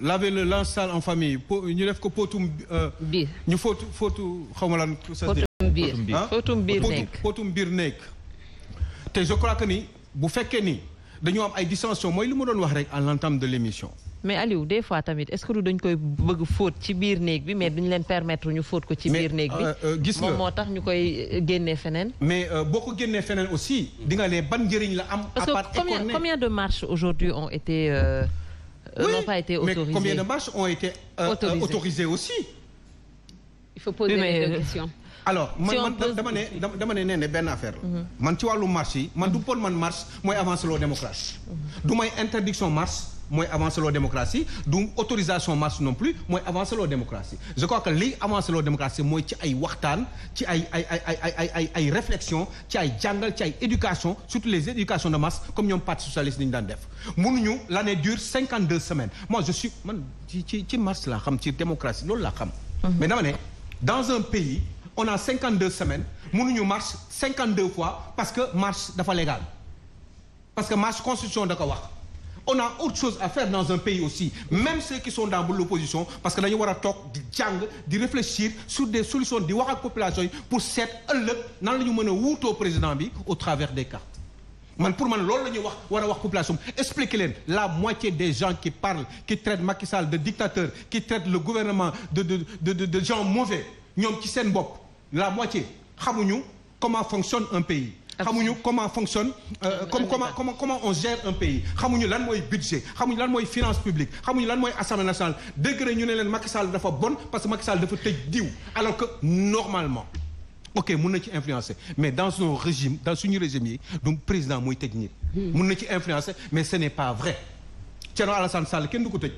laver le linge sale en famille po ñu def ko potum. Euh, biir ñu footu footu xaw ma lan. potum biir potum biir nekk potum biir nekk. te je crois que ni bu fekkee ni dañu am ay dissensions mooy li ma doon wax rek à l'entame de l'émission. mais Aliou des fois tamit est-ce que du dañ koy bëgg fóot ci biir néeg bi mais dañu leen permettre ñu fóot ko ci biir néeg bi euh, euh, gis nga moo tax ñu koy génnee feneen mais boo ko génnee feneen aussi di nga ban njëriñ la am à part écorné combien de marches aujourd'hui ont Euh, oui, n'ont pas été autorisés. Mais combien ont été euh, euh aussi Il faut poser mais, des euh, questions. alors man man dama ne dama ne nee ne benn affaire la. Mhm. man ci wàllu marche yi man du pôle man marche mooy avancé loo démocratie. Mhm. du may interdiction marche. mooy avancer loo démocratie du autorisation marche non plus mooy avancer loo démocratie je crois que liy avancer loo démocratie mooy ci ay waxtaan ci ay ay ay ay ay ay ay réflexion ci ay jàngal ci ay éducation surtout les éducations de masse comme ñoom parti socialiste ni ñu daan def mënuñu l'année dure cinquante deux semaines moi je suis man ci ci ci marche laa xam ci démocratie loolu la xam mhm. mais dama ne dans un pays on a cinquante deux semaines mënuñu marche cinquante deux fois parce que marche dafa légal parce que marche constitution da ko wax on a autre chose à faire dans un pays aussi même ceux qui sont dans l'opposition parce que dañu war a toog di jàng di réfléchir sur des solutions di wax ak population yi pour seet ëllëg nan la ñu mën a wuutoo président bi au travers des cartes man pour man loolu la ñuy wax war a wax population la moitié des gens qui parlent qui traitent Macky Sall de dictateur qui traitent le gouvernement de de de de, de gens mauvais ñoom ci seen bopp la moitié xamuñu comment un pays xamuñu comment fonctionne euh, euh, comme euh, comment comment comment on gère un pays xamuñu lan mooy budget xamuñu lan mooy finance publique xamuñu lan mooy assemblée nationale degré ñu ne leen Macky Sall dafa bon parce que Macky Sall dafa tëj diw alors que normalement ok mun na ci influencer mais dans son régime dans suñu régime yi du président mooy tëj nit hmm. mun na ci influencer mais ce n'est pas vrai Thierno Alassane Sall kenn du ko tëj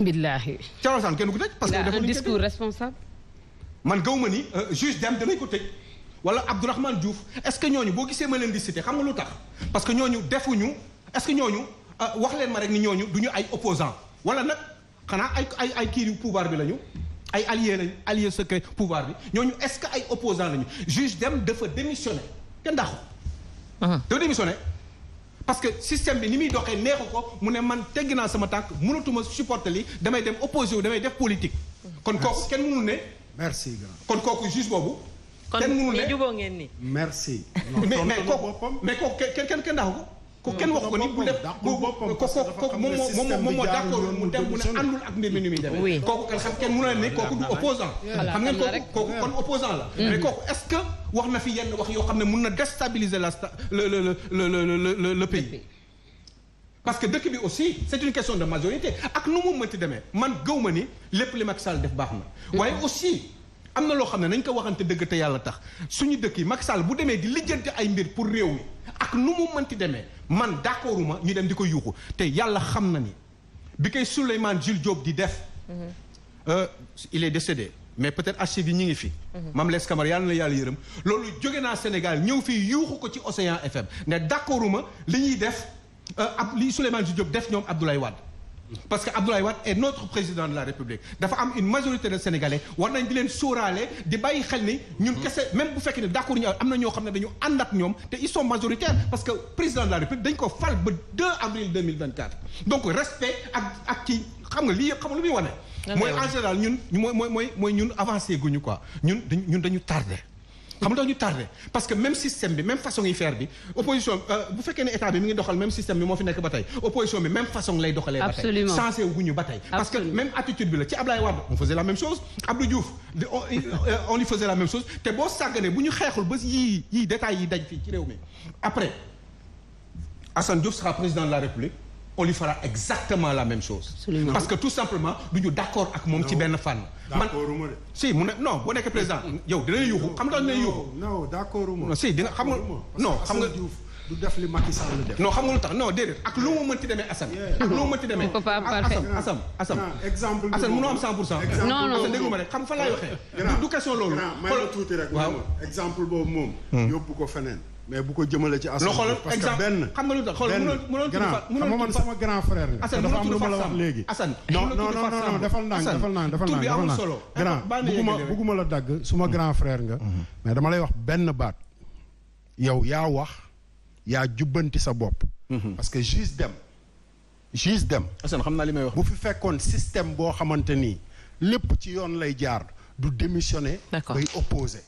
billaahi Thierno Alassane kenn du ko tëj parce que dafa un man gaw ma ni juge dem danañ ko tëj wala Abdourahmane Diouf est-ce que ñooñu boo gisee ma leen di cité xam nga lu tax parce que ñooñu defuñu est-ce que ñooñu euh, wax leen ma rek ni ñooñu duñu ay opposant wala nag xanaa ay ay ay kii pouvoir bi lañu ay allié lañu allié secret pouvoir bi ñooñu est-ce que ay opposant lañu juge dem dafa démissionné kenn daaxu dafa démissionné parce que système bi ni muy doxee neexu ko mu ne man tegg naa sama tànk mënatuma supporter li damay dem opposé wu damay def politique kon kooku kenn mënul ne merci kon kooku juge boobu kon ñu jubóo ngeen ni merci. mais mais kooku mais kooku kenn kenn daaxu ko. ko kenn wax ko ni bu def bu ko ko moom moom moo d'accord mu dem mu ne àndul ak mbir mi ni muy demee. kooku kenn xam kenn mënul a ne kooku du opposant xam ngeen kooku kooku kon opposant la. Mm. mais kooku est-ce que wax na fi yenn wax yoo xam ne mën na déstabiliser la sta le le le le le le pays. parce que dëkk bi aussi c'est une question de majorité ak nu mu mënti demee man gëw ma ni lépp li Macky Sall def baax na. Mm. waaye aussi. am na loo xam ne nañ ko waxante dëgg te yàlla tax suñu dëkk yi Macky Sall bu demee di lijjanti ay mbir pour réew mi ak nu mu mënti demee man d'accorduma ñu dem di ko yuuxu te yàlla xam na ni bi koy Souleymane Jules Diop di def. Mhm. Euh, il est décédé mais peut-être archives yi ñu ngi fi. Mhm. Mame Less Camara yàlla na yàlla yërëm loolu jóge naa Sénégal ñëw fi yuuxu ko ci Océan FM ne d'accorduma li ñuy def euh, ab li Souleymane Jules Diop def ñoom Abdoulaye Wade. parce que Abdoulaye Wade est notre président de la République dafa am une majorité de sénégalais war nañ di leen sóoraale di bàyyi xel ni. ñun kese même bu fekkee ne d'accord ñu am na ñoo xam ne dañu ànd ak ñoom te ils sont majoritaires parce que président de la République dañ ko fal ba 2 avril 2024. donc respect ak ak ci xam nga lii yëpp xam lu muy wane. mooy en général ñun mooy mooy mooy ñun avancé guñu quoi ñun dañu ñun dañu tardé. xam nga ñu tardé parce que même système bi même façon yi faire bi opposition euh, bu fekkee ne état bi mi ngi doxal même système bi moo fi nekk ba tey opposition bi même façon lay doxalee ba tey sensé wuñu ba tey parce que même attitude bi la ci Ablaye Wade on faisait la même chose Abdou Diouf on lui euh, faisait la même chose te boo sàgganee bu ñu xeexul ba yii yii détails yi daj fii ci réew mi après Assane Diouf sera président de la République on lui fera exactement la même chose. Absolument. parce que tout simplement du ñu d' accord ak moom ci benn fànn. man si mu ne non boo nekkee président yow dinañ yuuxu xam nga dinañ yuuxu. non d' accord ma si dina xam nga non xam nga. du def li Macky Sall def. non xam nga lu tax non déedéet ak lu mu mënti demee Assane. ak lu mu mënti demee Assane Assane Assane. exemple bi Assane mënoo am 100 pour cent. non non Assane déglu ma rek xam fa laay waxee. du question loolu. xool may la tuuti rek. waaw exemple boobu moom. Hmm. yóbbu ko feneen. mais bu ko jëmale ci assemblée parce que benn xam nga lu tax xool mënoon mënoon man sama grand frère nga dafa am lu ma la wax léegi Assane non non non non defal naa defal naa defal naa defal naa grand bugguma bugguma la dagg suma mm-hmm. grand frère nga mm-hmm. mais dama lay wax benn baat yow yaa wax yaa jubbanti sa bopp mm-hmm. parce que juste dem juste dem Assane xam naa li may wax bu fi fekkoon système boo xamante nii lépp ci yoon lay jaar du démissionner bay opposé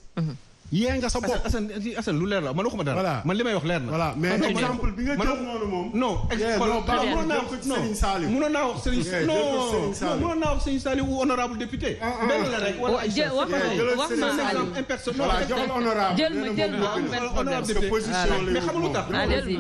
yee nga sa bopp Assane lu leer la man waxuma dara. man li may wax leer na. voilà mais exemple bi nga jox noonu moom. non mënoon naa wax Serigne Saliou. mënoon naa wax Serigne Saliou non mënoon naa wax Serigne Saliou ou honorable député. Ah, ah, ah. benn la rek wala oh, ay wax na Aliou impersonnel. voilà jox la honorable jël ma jël ma honorable député mais xam nga lu tax.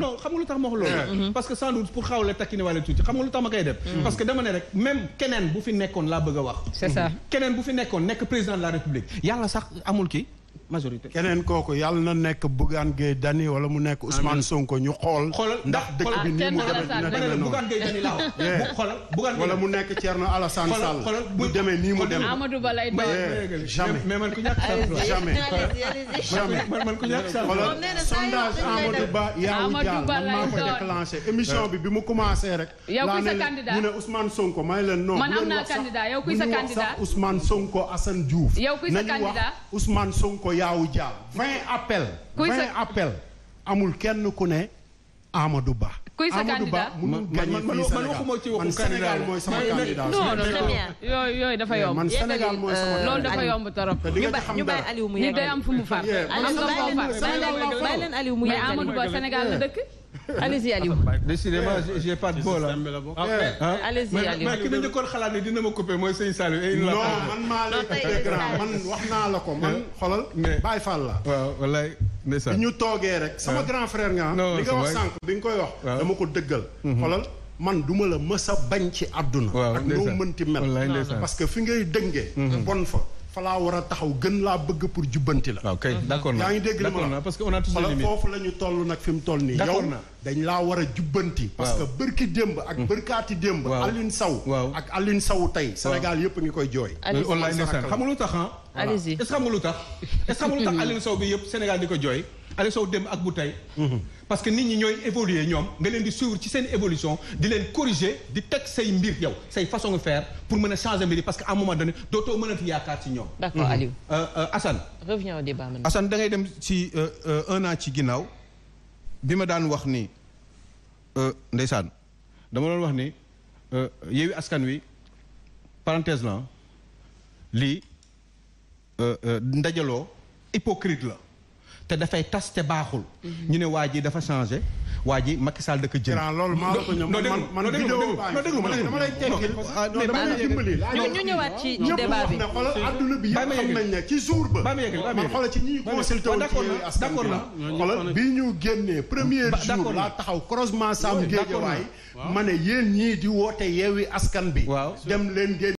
non xam nga lu tax ma wax loolu. Mm-hmm. parce que sans doute pour xaw la takkini wala tuuti xam nga lu tax ma koy def. Mm. parce que dama ne rek même keneen bu fi nekkoon laa bëgg a wax. c'est ça keneen bu fi nekkoon nekk président de la république yàlla sax amul kii majorité. keneen kooku yàlla na nekk Bougane Gueye Dany wala mu nekk Ousmane Sonko ñu xool. ndax dëkk bi ni mu demee dina demee wala mu nekk Thierno Alassane Sall. xoolal bu demee nii mu demee. Amadou Ba lay doon jamais mais man ku ñàkk sant jamais Ba yaawu jaar émission bi bi mu commencé rek. yow kuy sa candidat ñu ne Ousmane Sonko may leen non. kuy sa candidat Ousmane Sonko Assane kuy sa candidat nañu wax yaawu jaaw vingt appel vingt appels amul kenn ku ne Amadou Ba kuy sa candidat man man waxuma ci waxu Sénégal mooy sama candidat non non très bien yooyu yooyu dafa yomb man Sénégal mooy sama euh, loolu dafa yomb trop ñu bàyyi Aliou mu yeggali am fu mu faam am nga foo faam bàyyi leen Aliou mu yeggali Amadou Ba Sénégal la dëkk Allez-y Aliou. décidément j'ai pas de bol ah, ah. allez-y Aliou. mais ki ma njëkkoon xalaat ne dina ma coupé mooy sëñ Saliou. non man maa lay man wax naa la ko man. xoolal Baye Fall la. waaw wallaay. ndeysaan ñu toogee rek sama ah. grand frère nga ah. li nga wax sànq bi nga koy wax ah. dama ko dëggal mhm. xolal man duma la mësa bañ ci àdduna ak noo mënti mel parce que fi ngay dëngee mhm. bon fa fa laa war a taxaw gën laa bëgg pour jubbanti la. waaw kay mhm. d'accord ngi dégg li ma la parce que on a tous les limites foofu la ñu nag fi mu toll nii. yow dañ laa war a jubbanti. parce que bërki démb ak mhm. bërkaati démb. waaw Alioune ak Alioune Sow tey. Sénégal yëpp ngi koy jooy. online xam nga lu tax ah. allez-y est-ce bi yëpp Sénégal di ko jooy. Aliou Sow dem ak bu tey. Mhm. parce que nit ñi ñooy évoluer ñoom nga leen di suivre ci seen évolution di leen corriger di teg say mbir yow say façon faire pour mën a changer mbir yi parce que à un moment donné dootoo mënati yaakaar ci ñoom. d'accord mhm. Aliou. Euh, euh, Assane. revenons au débat maintenant. Assane dem ci euh, un an ci ginnaaw bi ma daan wax ni ndeysaan dama doon wax ni Yewwi Askan Wi parenthèse la lii ndajaloo hypocrite la. te dafay tas te baaxul. ñu ne waa ji dafa changé waa ji Macky Sall da ko jël. loolu maa ma dama lay tekkil non dama lay dimbali. ñu ñu ñëwaat ci ci débat bi. ñëpp wax na xoolal adduna bi yëpp xam nañ ne ci ba. ba ma yegg man xoolal ci ñi ñu consulté wu ci askan bi bi ñu génnee premier jour laa taxaw croisement Sam Guédiawaye ma ne yéen ñii di woote yeewi askan bi. dem leen génn